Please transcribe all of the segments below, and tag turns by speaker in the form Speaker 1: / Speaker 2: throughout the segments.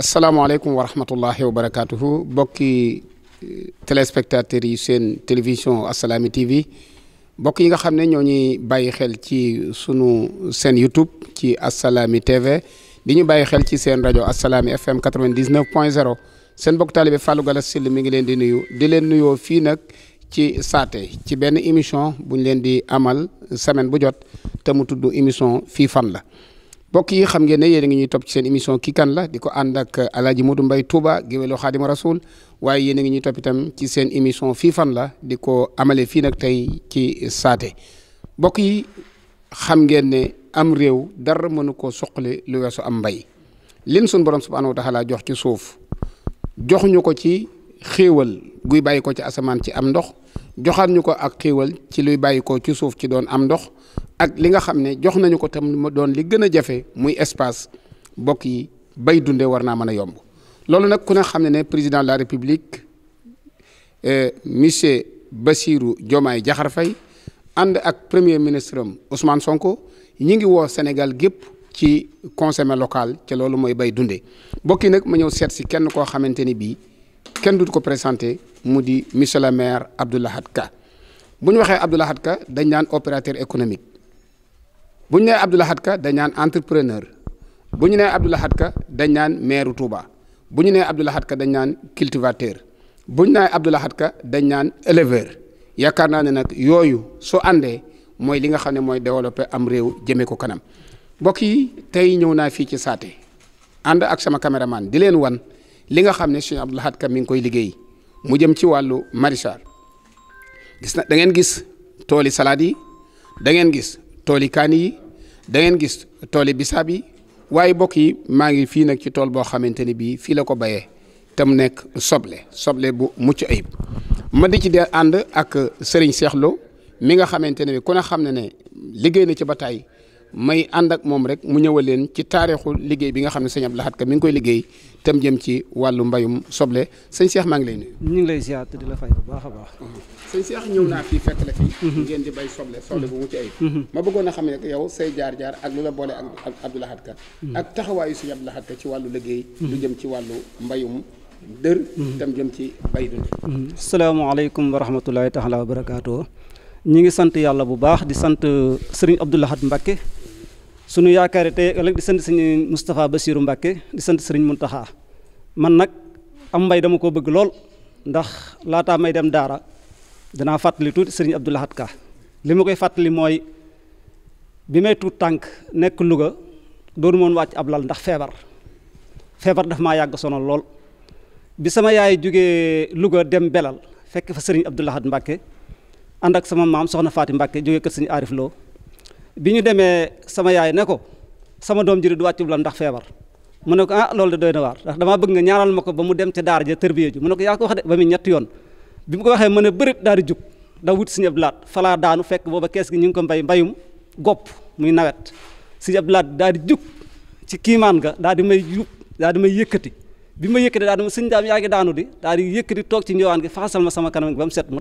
Speaker 1: asalaamaaleykum wa rahmatullahi wa barakaatuhu bokki eh, téléspectateurs yi seen télévision Assalaamy TV bokk yi nga xam ne ñoo ñi bàyyi xel ci sunu seen YouTube ci Assalaamy TV di ñu bàyyi xel ci seen rajo Assalaamy FM 99.0 seen bokk taalibe Fallou Galass Syll mi ngi leen di nuyu di leen nuyoo fii nag ci saate ci benn émission bu ñu leen di amal semaine bu jot te mu tudd émission fii fan la. bokk yi xam ngeen ne yéen a ngi ñuy topp ci seen émission ki kan la di ko ànd ak alaaji Modou Mbaye Touba géwélu Xaadimu Rasul waaye yéen ngi ñuy topp itam ci seen émission fii fan la di ko amale fii nag tey ci saate mbokk yi xam ngeen ne am réew dara mënu koo soqali lu weesu am mbay lin suñ borom subhaanahu wa taala jox ci suuf jox ñu ko ci xéewal guy bàyyi ko ci asamaan ci am ndox joxaat ñu ko ak xéewal ci luy bàyyi ko ci suuf ci doon am ndox ak li nga xam ne jox nañu ko tam mu doon li gën a jafe muy espace bokk yi bay dunde war naa mën a yomb loolu nag ku ne xam ne ne président de la république eh, monsieur Bassirou Diomaye Diakhar fay ànd ak premier ministre am Ousmane Sonko ñi ngi woo Sénégal gépp ci consommer local ca loolu mooy bay dunde bokk yi nag ma ñëw seet si kenn koo xamante ni bii kenn du ko présenté mu di monsieur le maire Abdou Lahad Ka bu ñu waxee Abdou Lahad Ka dañ naan opérateur économique bu ñu nee Abdou Lahad Ka dañ naan entrepreneur bu ñu nee Abdou Lahad Ka dañ naan maire Touba bu ñu nee Abdou Lahad Ka dañ naan cultivateur bu ñu nee Abdou Lahad Ka dañ naan éleveur yaakaar naa ne nag yooyu soo àndee mooy li nga xam ne mooy développer am réew jëmee ko kanam mbokk yi tey ñëw naa fii ci saate ànd ak sama caméraman di leen wan li nga xam ne Serigne Abdou Lahad Ka mi ngi koy liggéey mu jëm ci wàllu maraîchage gis na da ngeen gis tooli salade yi da ngeen gis tool yi kaani yi da ngeen gis tooli bisaab yi waaye bokk yi maa ngi fii nag ci tool boo xamante ni bii fii la ko bayee tam nekk soble soble bu mucc ayib ma di ci de ànd ak sëriñ Cheikh Lo mi nga xamante ne bi ku ne xam ne ne liggéey na ci ba tàyyi may ànd ak moom rek mu ñëwal leen ci taarixu liggéey bi nga xam ne sëñ Abdou Lahad Ka mi ngi koy liggéey tam jëm ci wàllu mbayum soble sëñ Cheikh maa ngi lay nuyu.
Speaker 2: ñu ngi lay ziar di la fay bu baax a baax. sëñ ñëw naa fii fekk
Speaker 1: ngeen di bay soble soble bu ci ay. Mhm. ma bëggoon a xam yow say jaar-jaar ak lu la boole ak Abdou Lahad Ka. Mhm. ak taxawaayu sëñ Abdou Lahad Ka ci wàllu liggéey. Mhm. lu jëm ci wàllu mbayum.
Speaker 2: dër tam jëm ci bay dund salaamaaleykum wa rahmatulahi taala wa barakaatu ñi ngi sant yàlla bu baax di sant uh, sëriñ Abdou Lahad Mbacké sunu yaakaar te ëllëg di sant sëñ Moustapha Bassirou Mbacke di sant sëriñ Mountakha man nag am mbay dama ko bëgg lool ndax laataa may dem daara danaa fàttali tuuti sëriñ Abdou Lahad Ka li ma koy fàttali mooy bi may tuut tànk nekk Louga doonu moon wàcc ab lal ndax feebar feebar daf maa yàgg sono lool bi sama yaay jógee Louga dem Belal fekk fa sëriñ Abdou Lahad Mbacke ànd ak sama maam soxna Faati Mbacke jógee kër sëriñ Arif Lo bi ñu demee sama yaay ne ko sama doom ji du wàccu la ndax feebar mu ne ko ah loolu de doy na waar ndax damaa bëgg nga ñaanal ma ko ba mu dem ci daara ja tërbiye ji mu ne ko yaa ko wax de ba muy ñetti yoon bi mu ko waxee mën a bërit daal di jug da wut Sëñ Abdu Lahat falaa daanu fekk booba kees gi ñu ngi ko mbay mbayum gopp muy nawet si Abdu Lahat daal di jug ci kiimaan ga daal di may jug daal di may yëkkati bi ma yëkkati daal di ma sëñ daam yaa daanu di daal di yëkkati toog ci njowaan gi faxasal ma sama kanam gi ba mu set mu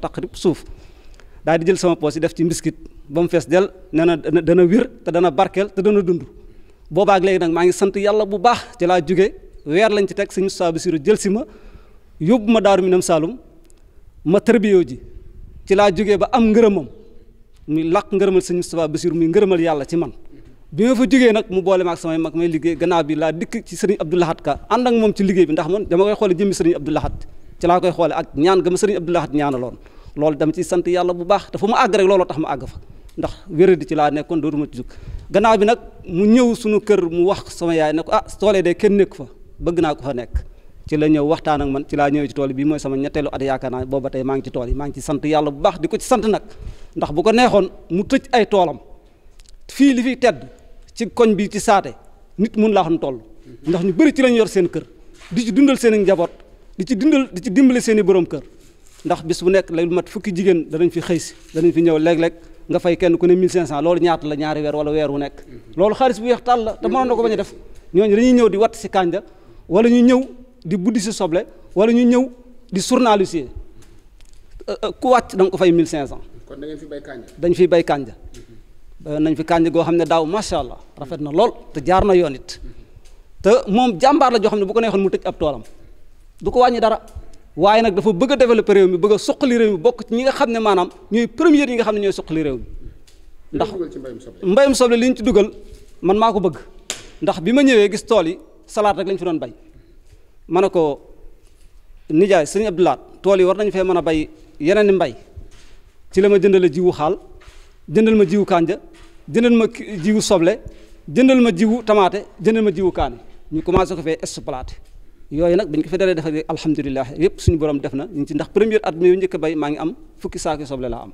Speaker 2: daal di jël sama poos yi def ci mbiskit ba mu fees del nee na dana wér te dana barkeel te dana dund boobaak léegi nag maa ngi sant yàlla bu baax ci laa jóge weer lañ ci teg suñu saa bi siru jël si ma yóbbu ma daaru nam saalum ma tërbiyoo ji ci laa jógee ba am ngërëmam muy làq ngërëmal sëñ Moustapha Bassirou muy ngërëmal yàlla ci man bi nga fa jógee nag mu boole ma ak samay mag may liggéey gannaaw bi laa dikk ci sëriñ Abdou Lahad Ka ànd ak moom ci liggéey bi ndax man dama xoole jëmmi sëriñ Abdou Lahad ci ak ñaan ma sëriñ Abdou Lahad ñaanaloon loolu dama ci sant yàlla bu baax dafa mu àgg rek looloo tax mu àgg fa ndax wéradi ci laa nekkoon dootuma ci jóg gannaaw bi nag mu ñëw suñu kër mu wax sama yaay ne ko ah toolee de kenn nekk fa bëgg naa ko fa nekk ci la ñëw waxtaan ak man ci laa ñëwee ci tool bi mooy sama ñetteelu at yaakaar naa booba tey maa ngi ci tool yi maa ngi ci sant yàlla bu baax di ko ci sant nag ndax bu ko neexoon mu tëj ay toolam fii li fi tedd ci koñ bii ci saate nit mun laa xam tool ndax ñu bëri ci lañ yor seen kër di ci dundal seen njaboot di ci dundal ci dimbale seen i borom kër ndax bis bu nekk lay lu mat fukki jigéen danañ fi xëy si danañ fi ñëw léeg-léeg nga fay kenn ku ne 1500 loolu ñaata la ñaari weer wala weer wu nekk loolu xaalis bu weex tàll la te ko bañ a dañuy ñëw di watt si kànja wala ñu ñëw di buddi si soble wala ñu ñëw di journaliser euh, euh, ku wàcc da ko fay 1500. kon da ngeen fi bay dañ fiy bay kànja euh, nañ fi kànja goo xam ne daaw macha allah rafet na lool te jaar na yoon it te moom jàmbaar la joo xam ne bu ko neexoon mu tëj ab toolam du ko wàññi dara. waaye nag dafa bëgg a développer réew mi bëgg a suqali réew mi bokk ci ñi nga xam ne maanaam ñooy première yi nga xam ne ñooy suqali réew mi ndax mbayum soble li ñu ci dugal man maa ko bëgg ndax bi ma ñëwee gis tool yi salaat rek lañ fi doon bay ma ne ko nijaay sëñ Abdoulaat tool yi war nañu fee mën a bay yeneen i mbay ci la ma jëndale jiwu xaal jëndal ma jiwu kànja jëndal ma jiwu soble jëndal ma jiwu tamaate jëndal ma jiwu kaani ñu commencé ko fee exploité yooyu nag biñ ko fi dalee defar rek alhamdulilah yëpp suñu borom def na ñu ci ndax premier at mi njëkk a bay maa ngi am fukki saak yu soble laa am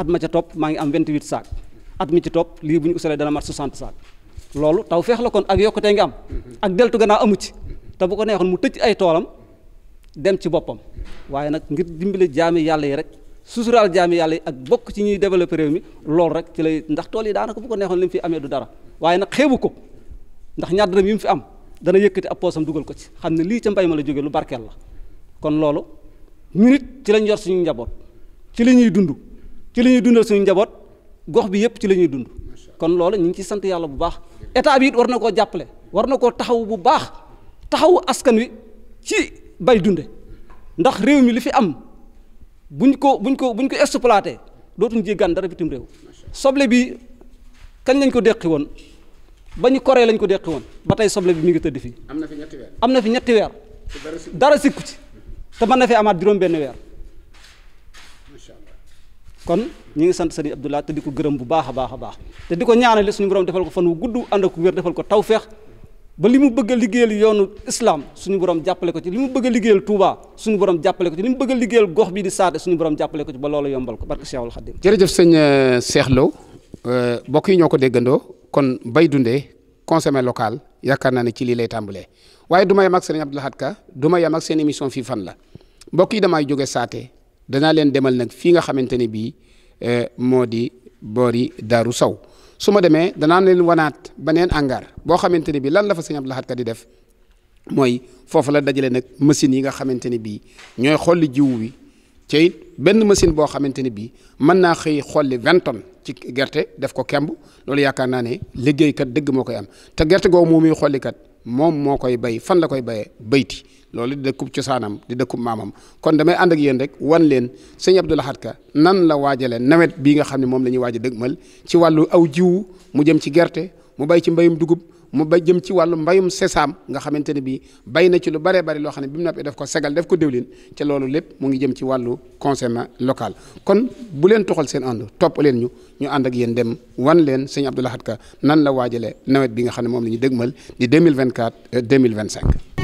Speaker 2: at ma ca topp maa ngi am 28 saak at mi ci topp lii bu ñu usalee dana mat 60 saak loolu taw feex la kon ak yokkutee ngi am ak deltu gannaaw amu ci te bu ko neexoon mu tëj ay toolam dem ci boppam waaye nag ngir dimbale jaami yàlla yi rek susuraal jaami yàlla yi ak bokk ci ñuy développé réew mi loolu rek ci lay ndax tool yi daanaka bu ko neexoon li mu fi amee du dara waaye nag xeebu ko ndax ñaar dërëm yi mu fi am dana yëkkati ab poosam dugal ko ci xam ne lii ca mbay ma la jóge lu barkeel la kon loolu ñu nit ci lañ yor suñu njaboot ci la ñuy dund ci la ñuy dundal suñu njaboot gox bi yëpp ci la ñuy dund kon loolu ñu ngi ci sant yàlla bu baax état bi war na koo jàppale war na koo taxaw bu baax taxawu askan wi ci bay dunde ndax réew mi li fi am buñ ko buñ ko buñ ko exploité dootuñ jéggaan dara bitim réew soble bi kañ lañ ko deqi woon ba ñu koree lañ ko deqi woon ba tey soble bi mu ngi tëdd fii. am na fi ñetti weer am na fi ñetti weer. dara sikku ci te mën na fi amaat juróom-benn weer. kon ñu ngi sant sëriñ Abdoulaye te di ko gërëm bu baax a baax a baax te di ko ñaanale suñu borom defal ko fan wu gudd ànd ak weer defal ko tawféex ba li mu bëgg a liggéeyal yoonu islam suñu borom jàppale ko ci li mu bëgg a liggéeyal Touba suñu borom jàppale ko ci li mu bëgg a liggéeyal gox bii di saate suñu borom jàppale ko ci ba loolu ko barke Cheikhul Khadim.
Speaker 1: jërëjëf sëñ Cheikh Lo eh, mbokk yi ñoo ko déggandoo kon bay dundee consommer local yaakaar naa ne ci lii lay tàmbalee waaye du ma yem ak sëriñ Abdou Lahad yem ak seen émission fii fan la mbokk yi damay jóge saate danaa leen demal nag fii nga xamante ne bii eh, moo di boori Daaru Saw su ma demee danaa leen wanaat beneen hangar boo xamante ne bii lan la fa sëriñ Abdou Lahad Ka di def mooy foofu la dajale nag machines yi nga xamante ne bii ñooy xolli jiw wi ca benn machine boo xamante ne bii mën naa xëy xolli vingt tonnes ci gerte def ko kemb loolu yaakaar naa ne liggéeykat dëgg moo koy am te gerte googu moom muy xollikat moom moo koy bay fan la koy bayee bayti loolu di dëkku cosaanam di dëkku maamam kon damay ànd ak yéen rek wan leen sëñ Abdou Lahad Ka nan la waajale nawet bii nga xam ne moom la ñuy waaj a dëgmal ci wàllu aw jiwu mu jëm ci gerte mu bay ci mbayum dugub mu ba jëm ci wàllu mbayum sesaam nga xamante ne bii bay na ci lu bare bari loo xam ne bi mu e def ko segal def ko déwlin ca loolu lépp mu ngi jëm ci wàllu consommation local kon bu leen toxal seen ànd topp leen ñu ñu ànd ak yéen dem wan leen sëñ Abdou Lahad Ka nan la waajalee nawet bi nga xam ne moom la ñu dëgmal di 2024 euh, cinq